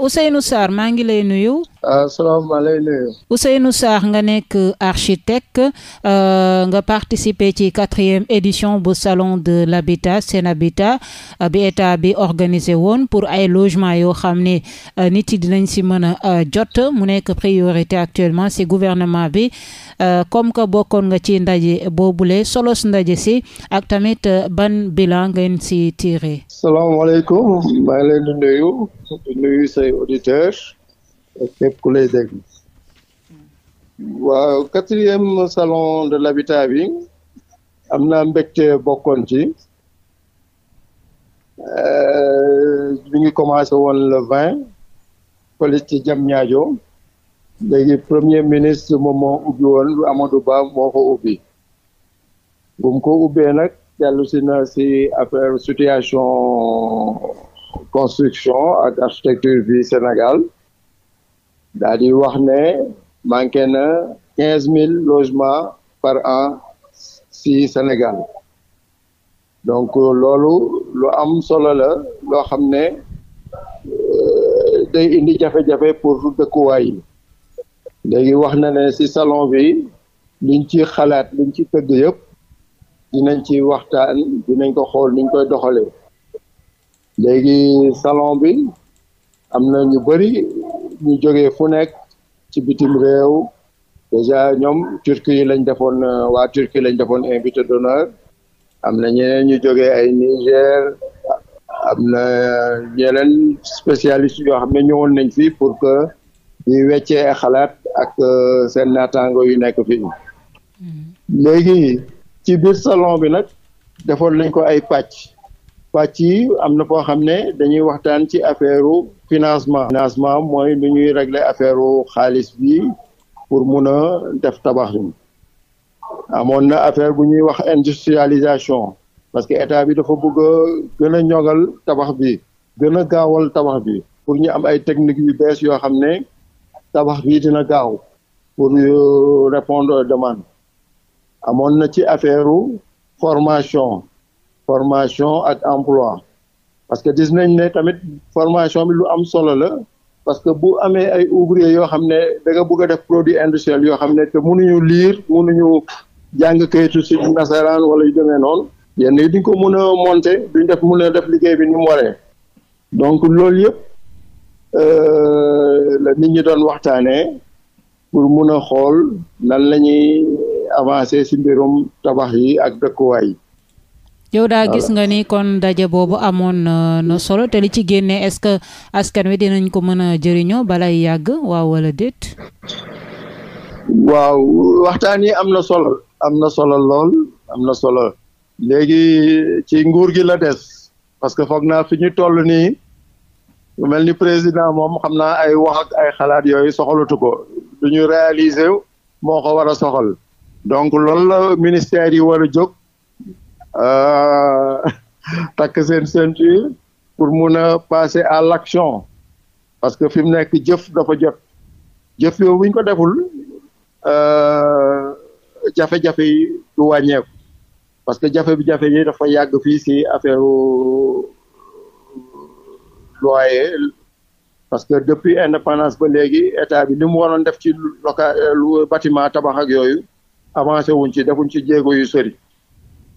Ousseynou Sarr maa ngi lay nuyu. asalaamaaleykum lay nuyu nu Sarr nga nekk architecte euh, nga participer ci quatrième édition bu salon de l'habitat Sen'Habitat euh, bi état bi organisé woon pour ay logement yoo xam ni euh, nit yi dinañ si mën a jot mu nekk priorité actuellement si gouvernement bi comme que bokkoon nga ci ndaje boobule solos ndaje si ak tamit ban bilan ngeen si tiré salaamaaleykum maa ngi leen di nuyu di nuyu képp ku lay dégg waaw quatrième salon de l'habitat bi am naa mbégte bokkoon ci bi euh, ngi commencé woon le vingt fële ci Diamniadio léegi premier ministre moom ubbi woon Amadou Ba moo ko ubbi bu ko ubbee nag dellu si na si affaire situation construction ak architecture bi Sénégal daal di wax ne manqué na quinze mille logements par an si Sénégal donc loolu lu am solo la loo xam ne euh, day indi jafe-jafe pour dëkkuwaay yi léegi wax na ne si salon bi ngi ci xalaat liñ ci tëgg yëpp dinañ ci waxtaan dinañ ko xool niñ koy doxalee léegi salon bi am na ñu bëri ñu jógee fu nekk ci bitim réew déjà ñoom Turquie lañ defoon euh, waa Turquie lañ defoon invité d'honneur am na ñeneen ñu joge ay Niger am na ñeneen spécialiste yoo xam ne ñëwoon nañ fii pour que ñuy weccee xalaat ak euh, seen naataango yu nekk fii hmm. léegi ci biir salon bi nag defoon nañ ko ay pàcc pàcc yi am na foo xam ne dañuy waxtaan ci affaire financement financement mooy lu ñuy régler affaire xaalis bi pour mun a def tabax yi amoon na affaire bu ñuy wax industrialisation parce que état bi dafa bëgg a gën a ñogal tabax bi gën a gaawal tabax bi pour ñu am ay technique yu bees yoo xam ne tabax bi dina gaaw pour répondre aux demandes amoon na ci affaire formation formation ak emploi parce que gis nañ ne tamit formation bi lu am solo la parce que bu amee ay ouvrier yoo xam ne da bëgg a def produit industriel yoo xam ne te mënuñu liir ñu jàng kayitu si nasaraan wala yu demee noon yenn yi duñ ko mën a monter duñ def mën def liggéey bi ni mu waree donc loolu yëpp euh, la nit ñi doon waxtaanee pour mun a xool nan la ñuy avancer si mbirum tabax yi ak dëkkuwaay yi yow daa gis nga ni kon daje boobu amoon euh, na solo te li ci génnee est-ce que askan wi dinañ ko mën a jëriñoo balay yàgg waaw wala déet. waaw waxtaan yi am na solo am na solo lool am na solo léegi ci nguur gi la des parce que foog naa fi ñu toll nii lu mel ni président moom xam naa ay wax ay xalaat yooyu soxalatu ko lu ñu réaliser moo ko war a soxal donc loolu la ministère yi war a Euh, takk seen ceinture pour mun a passer à l'action parce que fi mu nekk jëf dafa jot jëf yooyu bu ñu ko deful euh, jafe-jafe yi du wàññeeku parce que jafe-jafe yi dafa yàgg fii si affaire loyer parce que depuis indépendance ba léegi état bi li mu waroon def ci local bâtiment tabax ak yooyu avancé wuñ ci defuñ ci jéego yu sori.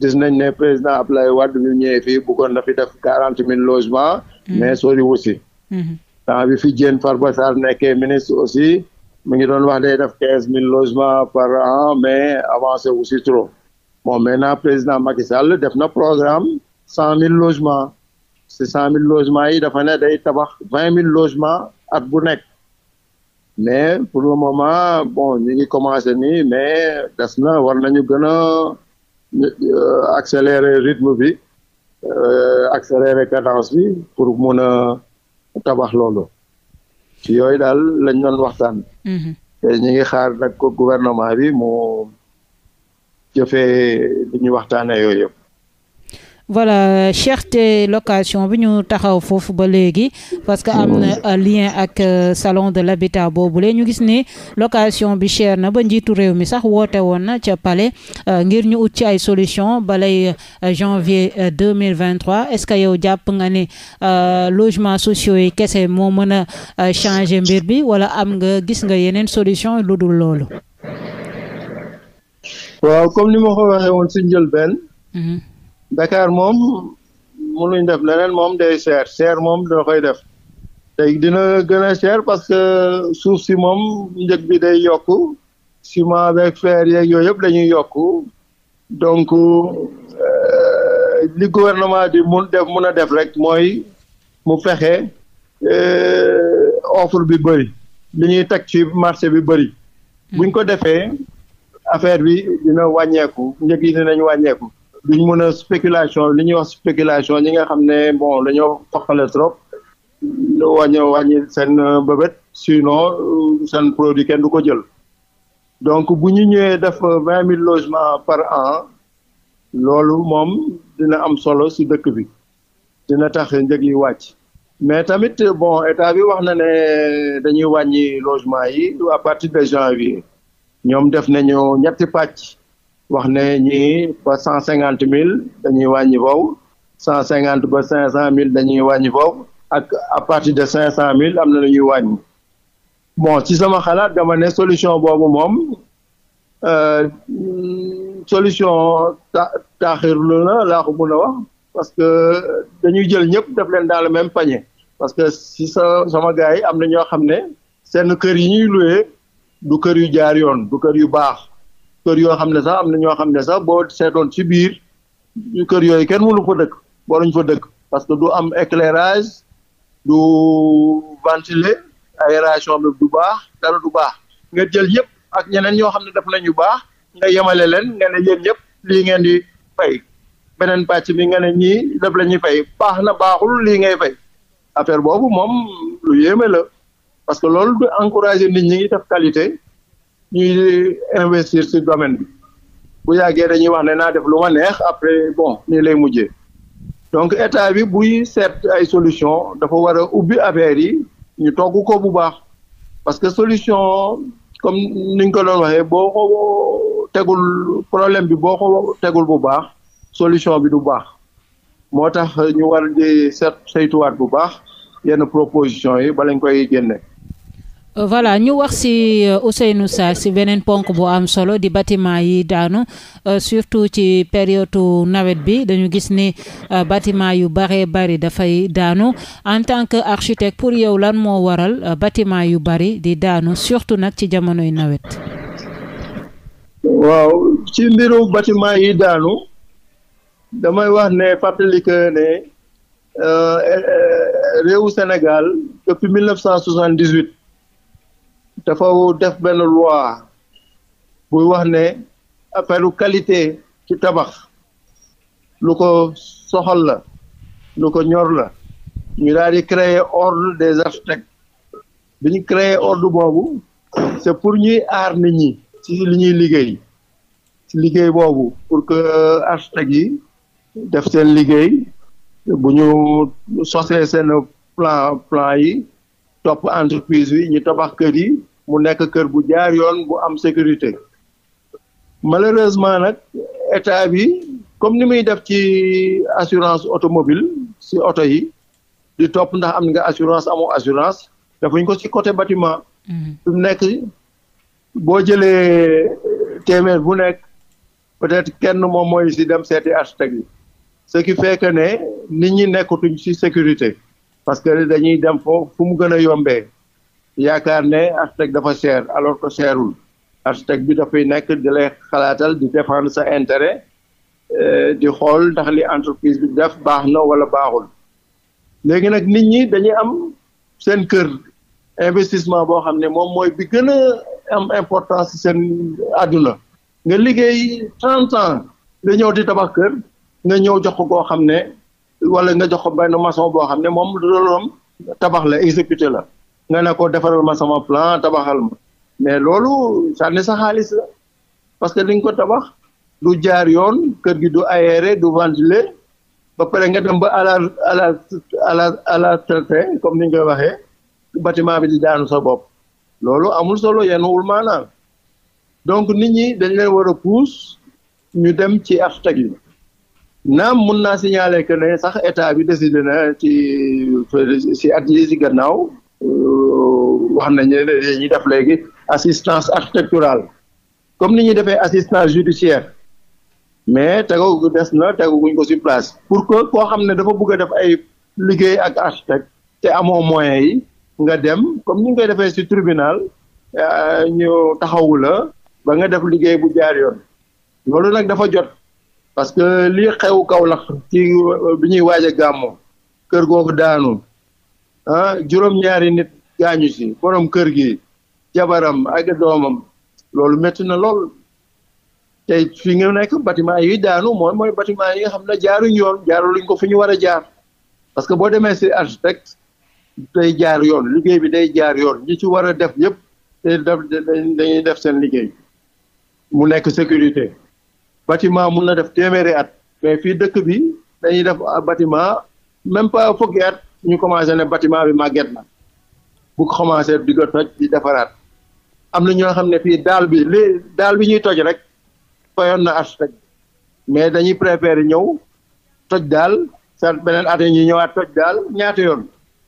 gis nañ ne président Abdoulaye Wade bi ñëwee fii bëggoon fi def quarante mille logements. Mm-hmm. mais sori wusi mm-hmm. temps bi fi Diène Farba Sarr nekkee ministre aussi mu ngi doon wax day def quinze mille logements par an mais avancé aussi trop bon maintenant président Macky Sall def na programme cent mille logements si cent mille logements yi dafa ne day tabax vingt mille logements at bu nekk mais pour le moment bon ñu ngi commencé nii mais des na war nañu gën a Euh, accélérer rythme bi euh, accélérer cadence bi pour mun a tabax loolu ci yooyu daal lañ doon waxtaan. Mm-hmm. te ñu ngi xaar nag ko gouvernement bi mu jëfee li ñu waxtaanee yooyu yëpp. voilà cherté location bi ñu taxaw foofu ba léegi parce que am lien ak euh, salon de l'habitat le ñu gis ni location bi cher na ba njiitu réew mi sax woote woon na ca palais euh, ngir ñu ut ci ay solution balay euh, janvier 2023 est-ce que yow jàpp nga ni logement sociaux yi kese moo mën a changé mbir bi wala am nga gis nga yeneen solution lu dul loolu waaw comme ni ma ko waxee woon mhm. Dakar moom mënuñ def leneen moom day seer seer moom dina koy def tey dina gën a seer parce que suuf si moom njëg bi day yokk ciment avec fer yeeg yooyu yëpp dañuy yokk donc euh, li gouvernement di mun def mun a def rek mooy mu fexe euh, offre bi bëri li ñuy teg ci marché bi bëri hmm. buñ ko defee affaire bi dina wàññeeku njëg yi dinañ wàññeeku duñ mën a spéculation li ñuy wax spéculation ñi nga xam ne bon dañoo foqale trop wàññi wàññi seen euh, bëbët sinon euh, seen produit kenn du ko jël donc bu ñu ñëwee def vingt mille logements par an loolu moom dina am solo si dëkk bi dina tax njëg yi wàcc mais tamit bon état bi wax na ne dañuy wàññi logement yi à partir de janvier ñoom def nañu ñetti pàcc wax ne ñi ba cent cinquante mille dañuy wàññi boobu cent cinquante ba cinq cent mille dañuy wàññi boobu ak à partir de cinq cent mille am na lu ñuy wàññi bon ci sama xalaat dama solution boobu moom euh, solution ta taaxirlu na laa ko mun wax parce que dañuy jël ñëpp def leen daal le même panier parce que si sa sama gars yi am na ñoo xam ne seen kër yi ñuy loué du kër yu jaar yoon du kër yu baax kër yoo xam ne sax am na ñoo xam ne sax boo seetoon ci biir kër yooyu kenn mënu fa dëkk waruñu fa dëkk parce que du am éclairage du ventiler aération bi du baax dara du baax nga jël ñëpp ak ñeneen ñoo xam ne def nañu baax nga yemale leen nga ne yéen ñëpp lii ngeen di fay beneen pàcc bi nga ne ñii def la ñuy fay baax na baaxul lii ngay fay affaire boobu moom lu yéeme la parce que loolu du encourager nit ñi ngi def qualité ñuy investir ci domaine bi bu yàggee ñuy wax ne naa def lu ma neex après bon nii lay mujjee donc état bi buy seet ay solution dafa war a ubbi affaire yi ñu togg ko bu baax parce que solution comme niñ ko doon waxee boo ko tegul problème bi boo ko tegul bu baax solution bi du baax moo tax ñu war di seet saytuwaat bu baax yenn proposition yi balañ koy génne Euh, voilà ñu wax ci euh, Ousseynou Sarr ci beneen ponk bu am solo di bâtiment yi daanu euh, surtout ci période nawet bi dañu gis ni bâtiment yu baree bari dafay daanu en tant que architecte pour yow lan moo waral bâtiment yu bari di daanu surtout nag ci jamonoy nawet. waaw ci mbiru bâtiment yi daanu damay wax ne fàttali ne réewu Sénégal depuis dafa def benn loi bu wax ne appelu qualité ci tabax lu ko soxal la lu ko ñor la ñu daal di créer ordre des architectes bi créer ordre boobu c'est pour ñuy aar nit ñi ci li ñuy liggéey ci liggéey boobu pour que architectes yi def seen liggéey bu ñu sosee seen plan plan yi topp entreprise yi ñu tabax kër yi mu nekk kër bu jaar yoon bu am sécurité malheureusement nag état bi comme ni muy def ci assurance automobile si oto yi di topp ndax am nga assurance amoo assurance defuñ ko si côté batiment su mhm. nekk boo jëlee téeméer bu nekk peut-être kenn moom mooy si dem seeti architecte yi ce qui fait ne nit ñi nekkatuñ si sécurité parce que dañuy dem foofu fu mu gën a yombee yaakaar ne architecte dafa cher alors que cherul architecte bi dafay nekk di lay xalaatal di défendre sa intérêt euh, di xool ndax li entreprise bi def baax na wala baaxul léegi nag nit ñi dañuy am seen kër investissement boo xam ne moom mooy bi gën a am importance seen àdduna nga liggéey trente ans nga ñëw di tabax kër nga ñëw jox ko koo xam ne wala nga jox ko benn maçon boo xam ne moom loolu tabax la exécuté la nga ne ko defaral ma sama plan tabaxal mais loolu sànni sa xaalis la parce que dañ ko tabax du jaar yoon kër gi du aéré du ventilé ba pare nga dem ba à la à la à la à la traité comme ni ñu koy waxee bâtiment bi di daanu sa bopp loolu amul solo yenn wul maanaam donc nit ñi dañ leen war a pousse ñu dem ci architecte yi naam mun naa signaler que ne sax état bi décidé na ci ci at yii si gannaaw. Euh, wax nañ ñi dañuy def léegi assistance architecturale comme ni ñuy defee assistance judiciaire mais tegagu des na tegaguñ ko ci place pour que koo xam ne dafa bëgg a def ay liggéey ak architecte te amoo moyens yi nga dem comme ni nga koy defee ci tribunal euh, ñu taxawu la ba nga def liggéey bu jaar yoon loolu nag dafa jot parce que lii xew Kaolack ci bi ñuy waaj a kër googu daanu ah juróom-ñaari nit gaañu si borom kër gi jabaram ak doomam loolu métti na lool tey fi nga nekk bâtiment yi daanu mooy mooy bâtiment yi nga xam ne jaaruñ yoon jaaruluñ ko fi ñu war a jaar parce que boo demee si architecte day jaar yoon liggéey bi day jaar yoon ñi ci war a def yëpp day def dañuy def seen liggéey mu nekk sécurité bâtiment mun na def téeméeri at mais fii dëkk bi dañuy def ah, bâtiment même pas fukki at ñu commencé ne batiment bi màgget na bu commencé di ko toj di defaraat am na ñoo xam ne fii daal bi li daal bi ñuy toj rek fayoon na architecte mais dañuy préféré ñëw toj daal sa beneen at ñu ñëwaat toj daal ñaata yoon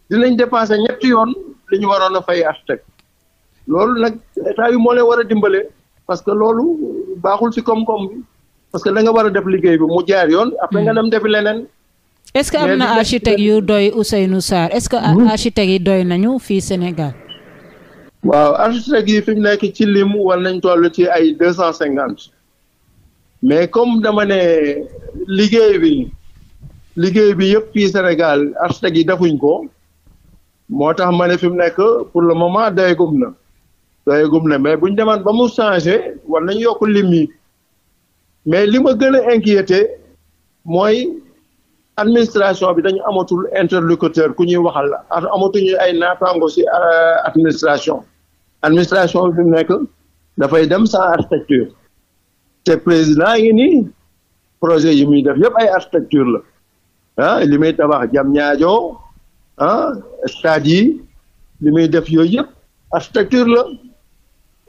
dinañ dépensé ñett yoon li ñu waroon a fay architecte loolu nag état yi moo leen war a dimbale parce que loolu baaxul ci koom-koom parce que da nga war a def liggéey bi mu jaar yoon après nga hmm. dem defi leneen est ce que am na architecte yu doy Ousseynou Sarr est ce que hmm? architecte yi doy nañu fii Sénégal waaw architecte fi mu nekk ci lim war nañ toll ci ay deux cent cinquante mais comme dama liggéey bi liggéey bi yëpp fii Sénégal architecte yi defuñ ko moo tax ma ne fi mu nekk pour le moment doyagum na doyagum na mais buñ demaan ba mu changé war nañ yokk lim yi mais li ma gën a inquiété mooy administration bi dañu amatul interlocuteur ku ñuy waxal amatuñu ay naataango si euh, administration administration bi mu nekk dafay dem sans architecture te président yi nii projet yi muy def yëpp ay architecture la ah li muy tabax jam ñaajoo ah stade yi li muy def yooyu yëpp architecture la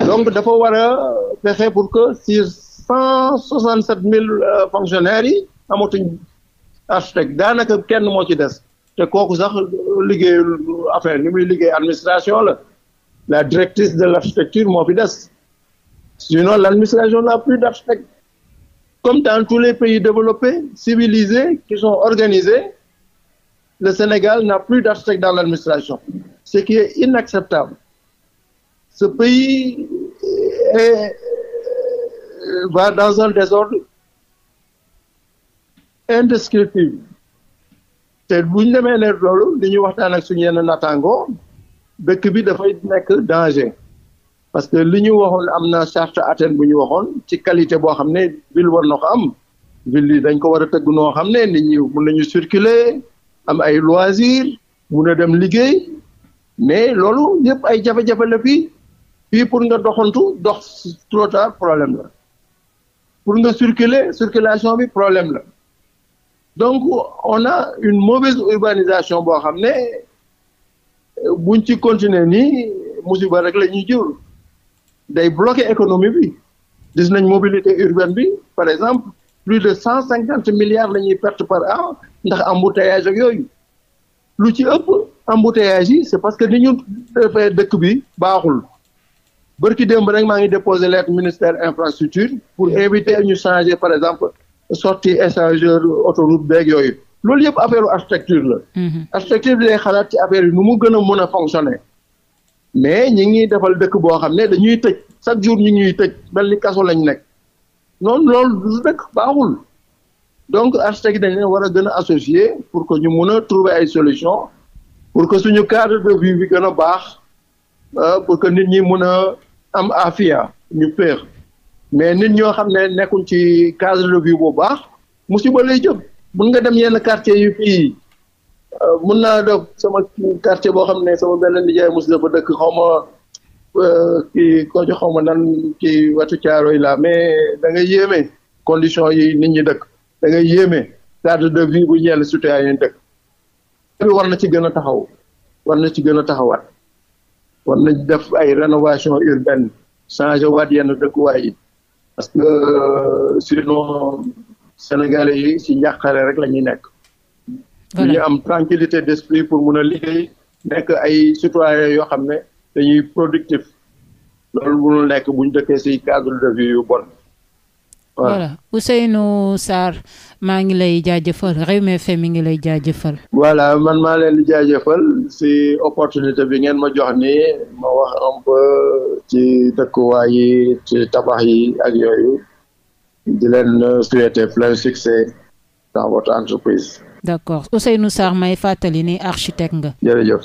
donc dafa wara a fexe pour que sur cent soixante sept mille euh, fonctionnaires yi amatuñ architecte daanaka kenn moo ci des te kooku sax liggéeyul affaire ni liggéey administration la la directrice de l'architecture moo fi des sinon l'administration n'a plus d'architecte comme dans tous les pays développés civilisés qui sont organisés le Sénégal n'a plus d'architecte dans l'administration ce qui est inacceptable ce pays est, va dans un désordre indescriptible te bu ñu demee ne loolu li ñuy waxtaan ak suñu yenn nattaangoo dëkk bi dafay nekk danger parce que li ñu waxoon am na charte Athènes bu ñu waxoon ci qualité boo xam ne ville war na am ville yi dañ ko war a tëgg noo xam ne nit ñi mun nañu circuler am ay loisirs mun a dem liggéey mais loolu yëpp ay jafe-jafe la fii pour nga doxantu dox trop tard problème la pour nga circuler circulation bi problème la donc on a une mauvaise urbanisation boo xam ne buñ ci continuer nii ba rek la ñuy jur day bloquer économie bi gis nañ mobilité urbaine bi par exemple plus de cent cinquante milliards lañuy perte par an ndax embouteillage ak yooyu lu ci ëpp embouteillage yi c'est parce que ni ñu defee dëkk bi baaxul bërki démb rek maa ngi déposé lettre ministère infrastructure pour inviter ñu changer par exemple sorti échangeur autoroute beeg yooyu loolu yëpp affaire architecture la. um um architecture bi day xalaat ci affaire yi nu mu gën a mën a fonctionner. mais ñi ngi defal dëkk boo xam ne dañuy tëj chaque jour ñu ngi tëj mel ni kaso lañ nekk noonu loolu du dëkk baaxul. donc architecte dañ leen war a gën a associé pour que ñu mun a trouver ay solution pour que suñu cadre de vie bi gën a baax euh, pour que nit ñi mun a am afia ñu féex mais nit ñoo xam ne nekkuñ ci cadre de vie bu baax musiba lay jëm mun nga dem yenn quartier yu fii euh, mun naa def sama quartier boo xam ne sama benn nijaay mos na fa dëkk xaw ma euh, kii ko xaw ma nan ci wetu yi laa mais da nga yéeme condition yi nit ñi dëkk da nga yéeme cadre de vie bu ñeel citoyen yi dëkk bi war na ci gën a taxaw war na ci gën a taxawaat war nañ def ay rénovation urbaine changé waat yenn dëkkuwaay yi parce que euh, sinon sénégalais yi si njàqare rek la ñuy nekk. voilà ñu am tranquillité d'esprit pour mun a liggéey nekk ay citoyens yoo xam ne dañuy productif loolu munul nekk bu ñu dëkkee si cadre de vie yu bon. voilà Ousseynou Sarr maa ngi lay jaajëfal Rewmi FM mi ngi lay jaajëfal. voilà man maa leen di jaajëfal si opportunité bi ngeen ma jox ni ma wax ci dëkkuwaay yi ci tabax yi ak yooyu di leen souhaiter plein succès dans votre entreprise. d'accord Ousseynou Sarr may fàttali ni architecte nga. jërëjëf.